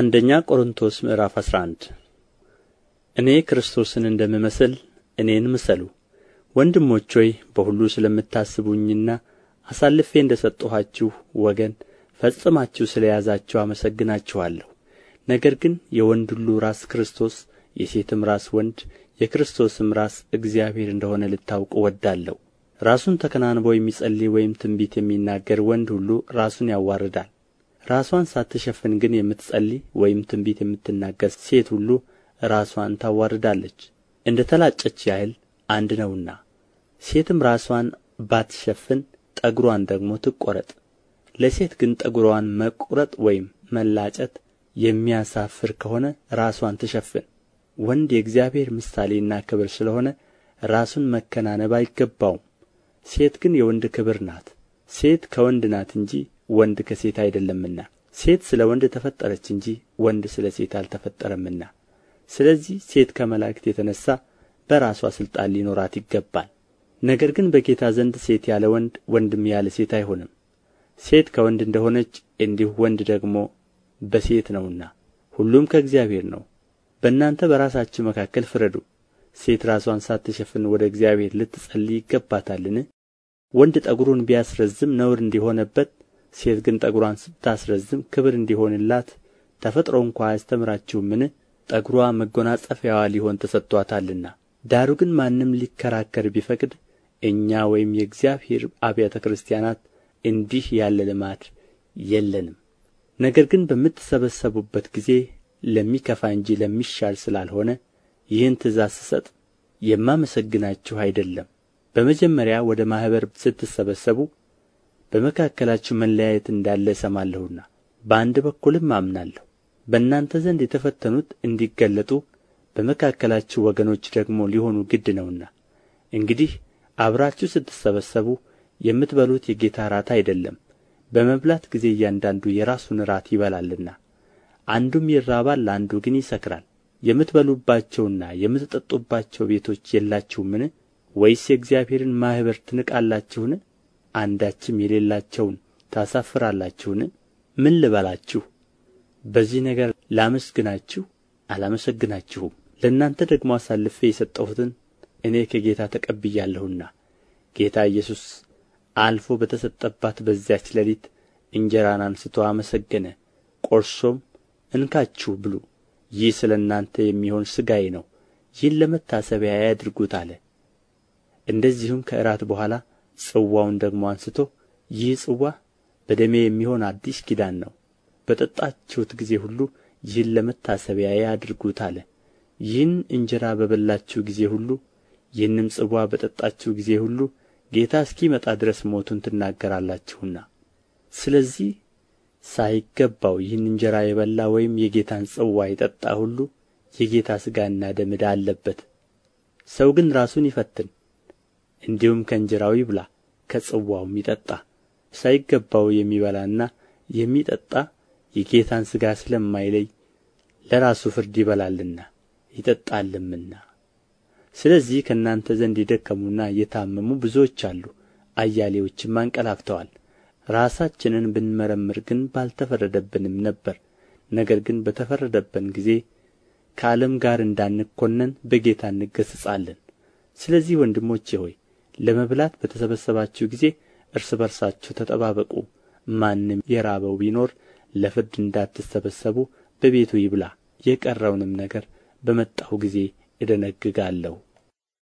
አንደኛ ቆሮንቶስ ምዕራፍ 11 እኔ ክርስቶስን እንደምመስል እኔን ምሰሉ። ወንድሞች ሆይ በሁሉ ስለምታስቡኝና አሳልፌ እንደ ሰጠኋችሁ ወገን ፈጽማችሁ ስለ ያዛችሁ አመሰግናችኋለሁ። ነገር ግን የወንድ ሁሉ ራስ ክርስቶስ፣ የሴትም ራስ ወንድ፣ የክርስቶስም ራስ እግዚአብሔር እንደሆነ ልታውቁ ወዳለሁ። ራሱን ተከናንቦ የሚጸልይ ወይም ትንቢት የሚናገር ወንድ ሁሉ ራሱን ያዋርዳል ራስዋን ሳትሸፍን ግን የምትጸልይ ወይም ትንቢት የምትናገር ሴት ሁሉ ራስዋን ታዋርዳለች እንደ ተላጨች ያህል አንድ ነውና ሴትም ራስዋን ባትሸፍን ጠጉሯን ደግሞ ትቆረጥ ለሴት ግን ጠጉሯን መቁረጥ ወይም መላጨት የሚያሳፍር ከሆነ ራሷን ትሸፍን ወንድ የእግዚአብሔር ምሳሌና ክብር ስለሆነ ራሱን መከናነብ አይገባውም ሴት ግን የወንድ ክብር ናት ሴት ከወንድ ናት እንጂ ወንድ ከሴት አይደለምና ሴት ስለ ወንድ ተፈጠረች እንጂ ወንድ ስለ ሴት አልተፈጠረምና ስለዚህ ሴት ከመላእክት የተነሳ በራሷ ሥልጣን ሊኖራት ይገባል። ነገር ግን በጌታ ዘንድ ሴት ያለ ወንድ ወንድም ያለ ሴት አይሆንም። ሴት ከወንድ እንደሆነች እንዲሁ ወንድ ደግሞ በሴት ነውና፣ ሁሉም ከእግዚአብሔር ነው። በእናንተ በራሳችሁ መካከል ፍረዱ። ሴት ራሷን ሳትሸፍን ወደ እግዚአብሔር ልትጸልይ ይገባታልን? ወንድ ጠጉሩን ቢያስረዝም ነውር እንዲሆነበት ሴት ግን ጠጉሯን ስታስረዝም ክብር እንዲሆንላት ተፈጥሮ እንኳ አያስተምራችሁምን ጠጉሯ መጎናጸፊያዋ ሊሆን ተሰጥቷታልና። ዳሩ ግን ማንም ሊከራከር ቢፈቅድ እኛ ወይም የእግዚአብሔር አብያተ ክርስቲያናት እንዲህ ያለ ልማድ የለንም። ነገር ግን በምትሰበሰቡበት ጊዜ ለሚከፋ እንጂ ለሚሻል ስላልሆነ ይህን ትእዛዝ ስሰጥ የማመሰግናችሁ አይደለም። በመጀመሪያ ወደ ማኅበር ስትሰበሰቡ በመካከላችሁ መለያየት እንዳለ እሰማለሁና በአንድ በኩልም አምናለሁ በእናንተ ዘንድ የተፈተኑት እንዲገለጡ በመካከላችሁ ወገኖች ደግሞ ሊሆኑ ግድ ነውና እንግዲህ አብራችሁ ስትሰበሰቡ የምትበሉት የጌታ ራት አይደለም በመብላት ጊዜ እያንዳንዱ የራሱን ራት ይበላልና አንዱም ይራባል አንዱ ግን ይሰክራል የምትበሉባቸውና የምትጠጡባቸው ቤቶች የላችሁምን ወይስ የእግዚአብሔርን ማኅበር ትንቃላችሁን አንዳችም የሌላቸውን ታሳፍራላችሁን ምን ልበላችሁ በዚህ ነገር ላመስግናችሁ አላመሰግናችሁም ለእናንተ ደግሞ አሳልፌ የሰጠሁትን እኔ ከጌታ ተቀብያለሁና ጌታ ኢየሱስ አልፎ በተሰጠባት በዚያች ሌሊት እንጀራን አንስቶ አመሰገነ። ቆርሶም እንካችሁ ብሉ፣ ይህ ስለ እናንተ የሚሆን ሥጋዬ ነው፣ ይህን ለመታሰቢያ ያድርጉት አለ። እንደዚሁም ከእራት በኋላ ጽዋውን ደግሞ አንስቶ ይህ ጽዋ በደሜ የሚሆን አዲስ ኪዳን ነው በጠጣችሁት ጊዜ ሁሉ ይህን ለመታሰቢያዬ አድርጉት አለ ይህን እንጀራ በበላችሁ ጊዜ ሁሉ ይህንም ጽዋ በጠጣችሁ ጊዜ ሁሉ ጌታ እስኪመጣ ድረስ ሞቱን ትናገራላችሁና ስለዚህ ሳይገባው ይህን እንጀራ የበላ ወይም የጌታን ጽዋ የጠጣ ሁሉ የጌታ ሥጋና ደም ዕዳ አለበት ሰው ግን ራሱን ይፈትን እንዲሁም ከእንጀራው ይብላ ከጽዋውም ይጠጣ ሳይገባው የሚበላና የሚጠጣ የጌታን ሥጋ ስለማይለይ ለራሱ ፍርድ ይበላልና ይጠጣልምና ስለዚህ ከእናንተ ዘንድ የደከሙና የታመሙ ብዙዎች አሉ አያሌዎችም አንቀላፍተዋል ራሳችንን ብንመረምር ግን ባልተፈረደብንም ነበር ነገር ግን በተፈረደብን ጊዜ ከዓለም ጋር እንዳንኮነን በጌታ እንገሥጻለን። ስለዚህ ወንድሞቼ ሆይ ለመብላት በተሰበሰባችሁ ጊዜ እርስ በርሳችሁ ተጠባበቁ ማንም የራበው ቢኖር ለፍርድ እንዳትሰበሰቡ በቤቱ ይብላ የቀረውንም ነገር በመጣሁ ጊዜ እደነግጋለሁ